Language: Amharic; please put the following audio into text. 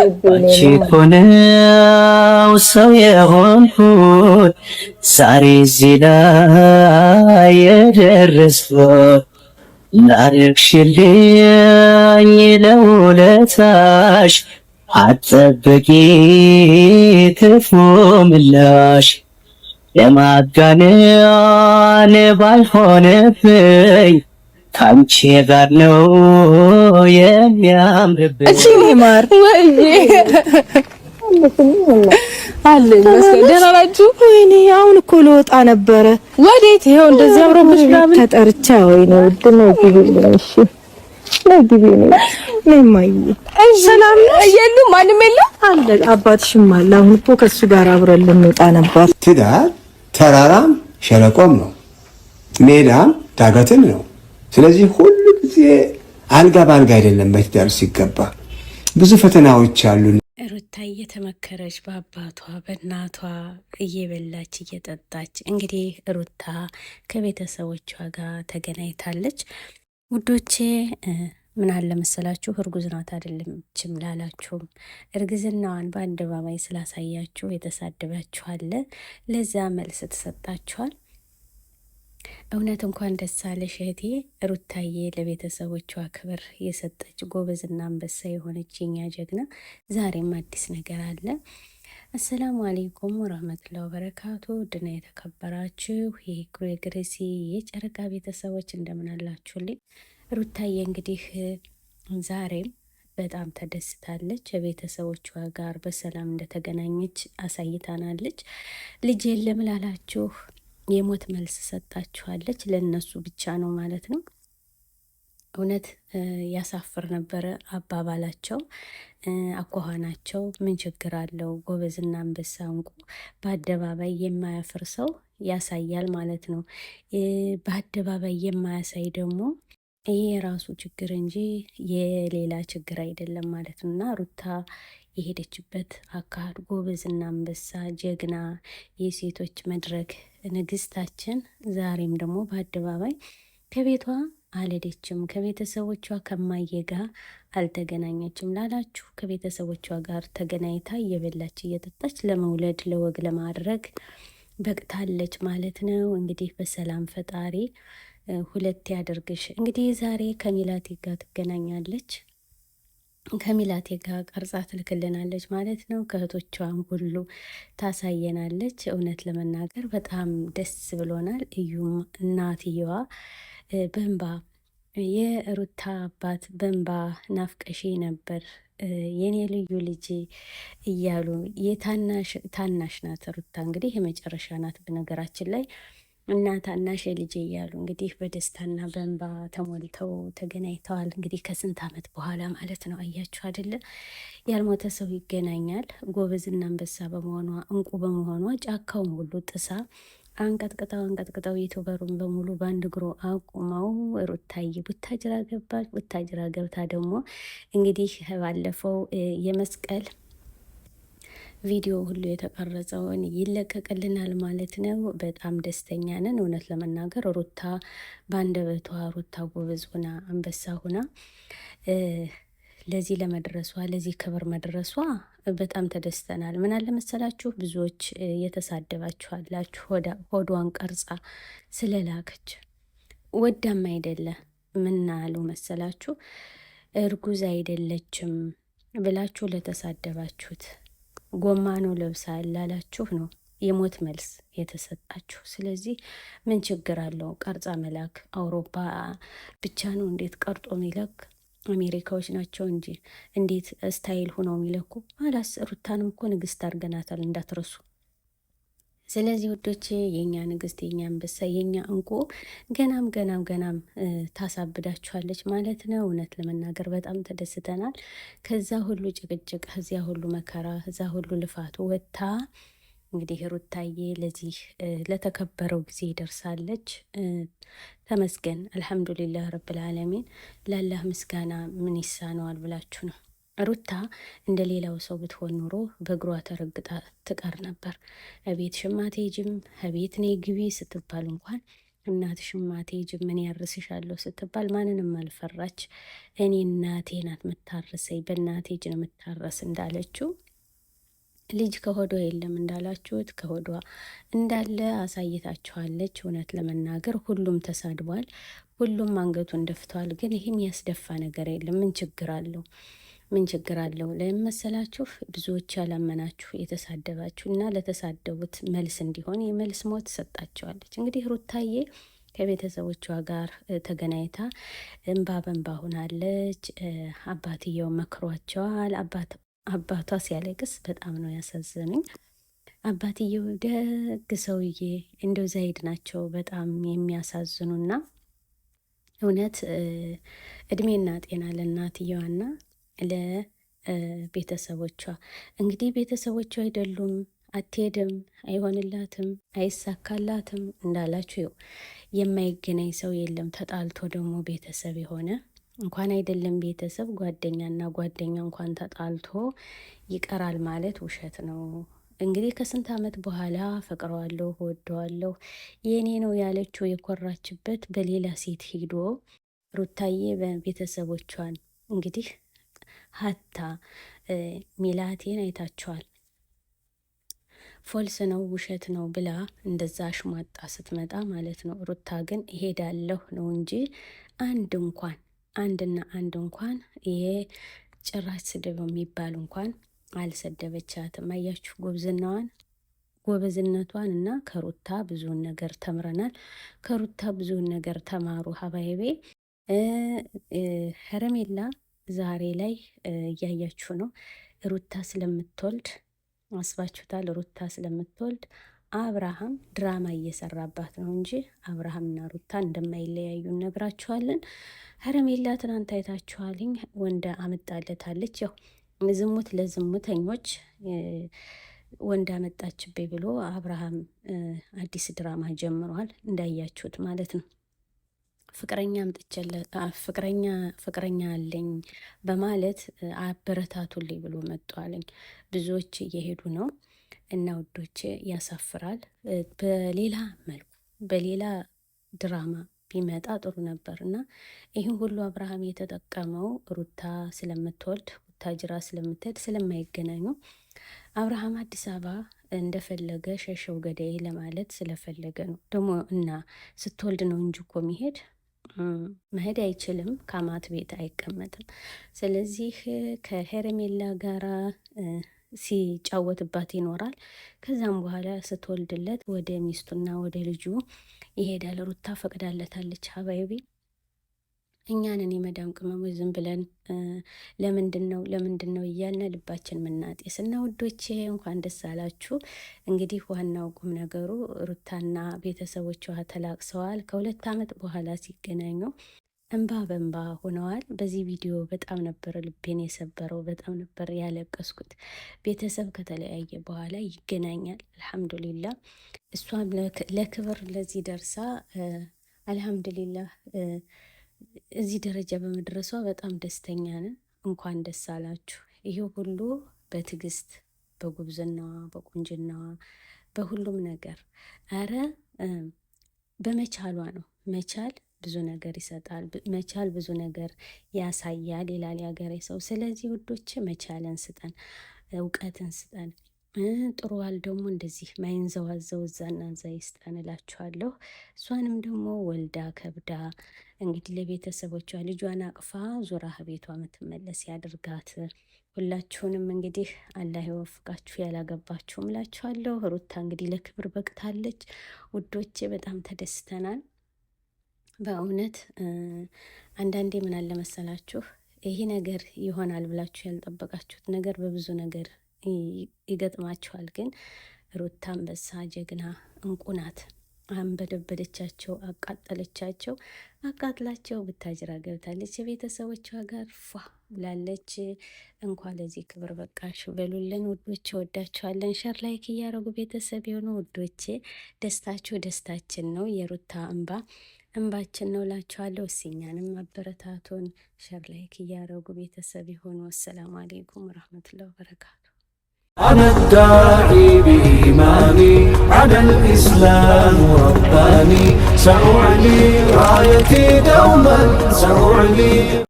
አንቺ እኮ ነው ሰው የሆንኩት ዛሬ እዚህ ላይ የደረስኩት ላደረግሽልኝ ለውለታሽ አጠበቂ ክፉ ምላሽ ለማጋነን ባይሆንብኝ ካንቺ ጋር ነው የሚያምርብኝ። እሺ ማር ወይ ደህና ናችሁ? ወይኔ አሁን እኮ ልወጣ ነበረ። ወዴት? እንደዚህ ምናምን ተጠርቻ። ወይኔ ውድ ነው ግቢ ነው። እሺ ነው ግቢ ነው። ሰላም ነው ማንም አለ። አባትሽም አለ። አሁን እኮ ከሱ ጋር አብረን ልንወጣ ነበር። ትዳር ተራራም ሸለቆም ነው፣ ሜዳም ዳገትም ነው። ስለዚህ ሁሉ ጊዜ አልጋ በአልጋ አይደለም በትዳር ሲገባ ብዙ ፈተናዎች አሉ። ሩታ እየተመከረች በአባቷ በእናቷ እየበላች እየጠጣች እንግዲህ ሩታ ከቤተሰቦቿ ጋር ተገናኝታለች። ውዶቼ ምን አለ መሰላችሁ እርጉዝ ናት አይደለችም ላላችሁም እርግዝናዋን በአደባባይ ስላሳያችሁ የተሳደባችኋለ፣ ለዛ መልስ ተሰጣችኋል። እውነት እንኳን ደስ አለሽ እህቴ ሩታዬ፣ ለቤተሰቦቿ ክብር የሰጠች ጎበዝና አንበሳ የሆነች የኛ ጀግና። ዛሬም አዲስ ነገር አለ። አሰላሙ አሌይኩም ወረህመቱላ ወበረካቱ። ድና የተከበራችሁ የግሬሲ የጨረቃ ቤተሰቦች እንደምን አላችሁልኝ? ሩታዬ እንግዲህ ዛሬም በጣም ተደስታለች። ቤተሰቦቿ ጋር በሰላም እንደተገናኘች አሳይታናለች። ልጅ የለም ላላችሁ የሞት መልስ ሰጣችኋለች። ለእነሱ ብቻ ነው ማለት ነው። እውነት ያሳፍር ነበረ አባባላቸው፣ አኳኋናቸው። ምን ችግር አለው? ጎበዝና አንበሳ እንቁ በአደባባይ የማያፍር ሰው ያሳያል ማለት ነው። በአደባባይ የማያሳይ ደግሞ ይሄ የራሱ ችግር እንጂ የሌላ ችግር አይደለም ማለት ነው እና ሩታ የሄደችበት አካሄድ ጎበዝና አንበሳ ጀግና የሴቶች መድረክ ንግስታችን ዛሬም ደግሞ በአደባባይ ከቤቷ አልሄደችም፣ ከቤተሰቦቿ ከማየ ጋር አልተገናኘችም ላላችሁ ከቤተሰቦቿ ጋር ተገናኝታ እየበላች እየጠጣች ለመውለድ ለወግ ለማድረግ በቅታለች ማለት ነው። እንግዲህ በሰላም ፈጣሪ ሁለት ያደርግሽ። እንግዲህ ዛሬ ከሚላቴ ጋር ትገናኛለች። ከሚላቴ ጋር ቀርጻ ትልክልናለች ማለት ነው። ከእህቶቿም ሁሉ ታሳየናለች። እውነት ለመናገር በጣም ደስ ብሎናል። እዩም እናትየዋ በንባ የሩታ አባት በንባ ናፍቀሺ ነበር የኔ ልዩ ልጅ እያሉ የታናሽ ናት ሩታ እንግዲህ የመጨረሻ ናት በነገራችን ላይ እናት አናሽ ልጄ እያሉ እንግዲህ በደስታና በእንባ ተሞልተው ተገናኝተዋል። እንግዲህ ከስንት ዓመት በኋላ ማለት ነው። አያችሁ አይደለ? ያልሞተ ሰው ይገናኛል። ጎበዝና አንበሳ በመሆኗ እንቁ በመሆኗ ጫካውን ሁሉ ጥሳ አንቀጥቅጠው አንቀጥቅጠው ዩቱበሩን በሙሉ በአንድ እግሮ አቁመው ሩታዬ ቡታጅራ ገባች። ቡታጅራ ገብታ ደግሞ እንግዲህ ባለፈው የመስቀል ቪዲዮ ሁሉ የተቀረጸውን ይለቀቅልናል ማለት ነው። በጣም ደስተኛ ነን። እውነት ለመናገር ሩታ በአንደበቷ ሩታ ጎበዝ ሁና አንበሳ ሁና ለዚህ ለመድረሷ ለዚህ ክብር መድረሷ በጣም ተደስተናል። ምን አለ መሰላችሁ ብዙዎች የተሳደባችኋላችሁ ሆዷን ቀርጻ ስለላከች ወዳም አይደለ ምናሉ መሰላችሁ እርጉዝ አይደለችም ብላችሁ ለተሳደባችሁት ጎማ ነው ለብሳ ላላችሁ ነው የሞት መልስ የተሰጣችሁ። ስለዚህ ምን ችግር አለው ቀርጻ መላክ? አውሮፓ ብቻ ነው እንዴት ቀርጦ ሚለክ? አሜሪካዎች ናቸው እንጂ እንዴት ስታይል ሁነው የሚለኩ አላስ ሩታንም እኮ ንግስት አድርገናታል እንዳትረሱ። ስለዚህ ውዶች የእኛ ንግስት የኛ አንበሳ የእኛ እንቁ ገናም ገናም ገናም ታሳብዳችኋለች ማለት ነው። እውነት ለመናገር በጣም ተደስተናል። ከዛ ሁሉ ጭቅጭቅ፣ ከዚያ ሁሉ መከራ፣ ከዛ ሁሉ ልፋቱ ወጥታ እንግዲህ ሩታዬ ለዚህ ለተከበረው ጊዜ ደርሳለች። ተመስገን አልሐምዱሊላህ ረብል ዓለሚን። ላላህ ምስጋና ምን ይሳነዋል ብላችሁ ነው ሩታ እንደ ሌላው ሰው ብትሆን ኖሮ በእግሯ ተረግጣ ትቀር ነበር። እቤት ሽማቴ ጅም እቤት ነይ ግቢ ስትባል እንኳን እናት ሽማቴ ጅም ምን ያርስሻለሁ ስትባል ማንንም አልፈራች። እኔ እናቴ ናት ምታርሰኝ፣ በእናቴ ጅ ነው ምታረስ እንዳለችው ልጅ ከሆዷ የለም እንዳላችሁት ከሆዷ እንዳለ አሳይታችኋለች። እውነት ለመናገር ሁሉም ተሳድቧል፣ ሁሉም አንገቱን ደፍተዋል። ግን ይህም ያስደፋ ነገር የለም። ምን ችግር አለው? ምን ችግር አለው? ለመሰላችሁ ብዙዎች ያላመናችሁ የተሳደባችሁ እና ለተሳደቡት መልስ እንዲሆን የመልስ ሞት ሰጣቸዋለች። እንግዲህ ሩታዬ ከቤተሰቦቿ ጋር ተገናኝታ እንባ በንባ ሆናለች። አባትየው መክሯቸዋል። አባቷ ሲያለቅስ በጣም ነው ያሳዘነኝ። አባትየው ደግ ሰውዬ እንደው ዘይድ ናቸው። በጣም የሚያሳዝኑና እውነት እድሜና ጤና ለእናትየዋና ለቤተሰቦቿ እንግዲህ ቤተሰቦቿ አይደሉም አትሄድም፣ አይሆንላትም፣ አይሳካላትም እንዳላችሁ የማይገናኝ ሰው የለም። ተጣልቶ ደግሞ ቤተሰብ የሆነ እንኳን አይደለም ቤተሰብ ጓደኛና ጓደኛ እንኳን ተጣልቶ ይቀራል ማለት ውሸት ነው። እንግዲህ ከስንት ዓመት በኋላ ፈቅረዋለሁ፣ ወደዋለሁ፣ የእኔ ነው ያለችው የኮራችበት በሌላ ሴት ሂዶ ሩታዬ በቤተሰቦቿን እንግዲህ ሀታ ሚላቴን አይታችኋል። ፎልስ ነው ውሸት ነው ብላ እንደዛ አሽሟጣ ስትመጣ ማለት ነው። ሩታ ግን እሄዳለሁ ነው እንጂ አንድ እንኳን አንድና አንድ እንኳን ይሄ ጭራሽ ስድብ የሚባል እንኳን አልሰደበቻትም። አያችሁ ጎብዝናዋን ጎበዝነቷን እና ከሩታ ብዙውን ነገር ተምረናል። ከሩታ ብዙውን ነገር ተማሩ ሀባይቤ ሄረሜላ ዛሬ ላይ እያያችሁ ነው። ሩታ ስለምትወልድ አስባችሁታል። ሩታ ስለምትወልድ አብርሃም ድራማ እየሰራባት ነው እንጂ አብርሃምና ሩታ እንደማይለያዩ እነግራችኋለን። ሄርሜላ ትናንት አይታችኋልኝ ወንድ አመጣለታለች። ያው ዝሙት ለዝሙተኞች ወንድ አመጣችቤ ብሎ አብርሃም አዲስ ድራማ ጀምሯል፣ እንዳያችሁት ማለት ነው። ፍቅረኛ አምጥቼለት ፍቅረኛ ፍቅረኛ አለኝ በማለት አበረታቱልኝ ብሎ መጥቷለኝ። ብዙዎች እየሄዱ ነው እና ውዶች ያሳፍራል። በሌላ መልኩ በሌላ ድራማ ቢመጣ ጥሩ ነበር እና ይህን ሁሉ አብርሃም የተጠቀመው ሩታ ስለምትወልድ ጅራ ስለምትሄድ ስለማይገናኙ አብርሃም አዲስ አበባ እንደፈለገ ሸሸው ገዳይ ለማለት ስለፈለገ ነው። ደግሞ እና ስትወልድ ነው እንጂ እኮ የሚሄድ መሄድ አይችልም፣ ከአማት ቤት አይቀመጥም። ስለዚህ ከሄረሜላ ጋራ ሲጫወትባት ይኖራል። ከዛም በኋላ ስትወልድለት ወደ ሚስቱና ወደ ልጁ ይሄዳል። ሩታ ፈቅዳለታለች ሀባይቤ እኛንን የመዳም ቅመሞች ዝም ብለን ለምንድን ነው ለምንድን ነው እያልን ልባችን ምናጤስ እና ውዶቼ እንኳን ደስ አላችሁ። እንግዲህ ዋናው ቁም ነገሩ ሩታና ቤተሰቦቿ ተላቅሰዋል። ከሁለት ዓመት በኋላ ሲገናኙ እንባ በእንባ ሆነዋል። በዚህ ቪዲዮ በጣም ነበር ልቤን የሰበረው፣ በጣም ነበር ያለቀስኩት። ቤተሰብ ከተለያየ በኋላ ይገናኛል። አልሐምዱሊላ እሷም ለክብር ለዚህ ደርሳ አልሐምዱሊላህ እዚህ ደረጃ በመድረሷ በጣም ደስተኛ ነን። እንኳን ደስ አላችሁ። ይሄ ሁሉ በትዕግስት በጉብዝናዋ በቁንጅናዋ በሁሉም ነገር አረ በመቻሏ ነው። መቻል ብዙ ነገር ይሰጣል። መቻል ብዙ ነገር ያሳያል ይላል የሀገሬ ሰው። ስለዚህ ውዶች መቻልን ስጠን፣ እውቀትን ስጠን። ጥሩ ባል ደግሞ እንደዚህ ማይንዘዋዘው እዛ ይስጠን እላችኋለሁ። እሷንም ደግሞ ወልዳ ከብዳ እንግዲህ ለቤተሰቦቿ ልጇን አቅፋ ዙራ ቤቷ የምትመለስ ያድርጋት። ሁላችሁንም እንግዲህ አላህ ይወፍቃችሁ ያላገባችሁ እላችኋለሁ። ሩታ እንግዲህ ለክብር በቅታለች ውዶቼ፣ በጣም ተደስተናል። በእውነት አንዳንዴ ምን አለ መሰላችሁ ይሄ ነገር ይሆናል ብላችሁ ያልጠበቃችሁት ነገር በብዙ ነገር ይገጥማቸዋል። ግን ሩታ አንበሳ፣ ጀግና፣ እንቁ ናት። አንበደበደቻቸው፣ አቃጠለቻቸው። አቃጥላቸው ብታጅራ ገብታለች። የቤተሰቦቿ ጋር ፏ ብላለች። እንኳ ለዚህ ክብር በቃሽ በሉልን ውዶች፣ ወዳችኋለን። ሸር ላይክ እያረጉ ቤተሰብ የሆኑ ውዶቼ፣ ደስታችሁ ደስታችን ነው። የሩታ እንባ እንባችን ነው ላችኋለሁ። እኛንም አበረታቱን። ሸር ላይክ እያረጉ ቤተሰብ የሆኑ አሰላሙ አሌይኩም ረህመቱላ በረካቱ أنا الداعي بإيماني على الإسلام رباني سأعلي رايتي دوما سأعلي